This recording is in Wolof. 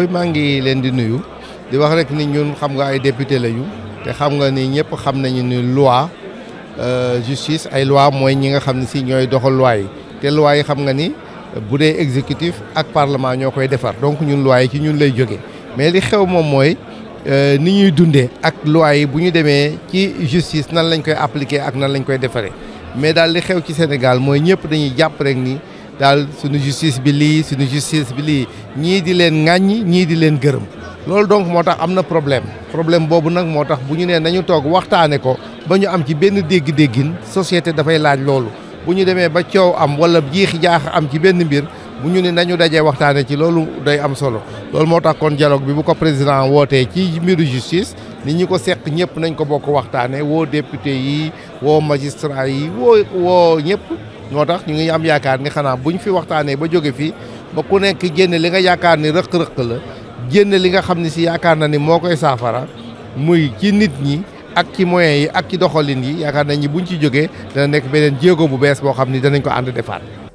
Boye maa ngi leen di nuyu di wax rek ni ñun xam nga ay député lañu te xam nga ni ñëpp xam nañu ni loi euh, justice ay loi mooy ñi nga xam ne si ñooy doxal loi yi te loi yi xam nga ni bu dee exécutif ak parlement ñoo koy defar donc ñun loi yi ci ñun lay jóge mais li xew moom mooy euh, ni ñuy dundee ak loi yi bu ñu demee ci justice nan lañ koy appliquer ak nan lañ koy defaree mais daal li xew ci Sénégal mooy ñëpp dañuy jàpp rek ni. daal suñu justice bi lii suñu justice bi lii ñii di leen ŋàññi ñii di leen gërëm loolu donc moo tax am na problème problème boobu nag moo tax bu ñu nee nañu toog waxtaane ko ba ñu am ci benn dégg-déggin société dafay laaj loolu bu ñu demee ba coow am wala jiix jaax am ci benn mbir bu ñu ne nañu daje waxtaane ci loolu day am solo loolu moo tax kon jaloog bi bu ko président wootee ci mbiru justice nit ñi ko seq ñëpp nañ ko bokk waxtaane woo député yi woo magistrat yi woo woo ñëpp noo tax ñu ngi am yaakaar ni xanaa bu fi waxtaanee ba jóge fi ba ku nekk génne li nga yaakaar ni rëq-rëq la génne li nga xam ne si yaakaar na ni moo koy saafara muy ci nit ñi ak ci moyens yi ak ci doxalin yi yaakaar nañ ni buñ ci jógee dana nekk beneen jéego bu bees boo xam ni danañ ko ànd defaat.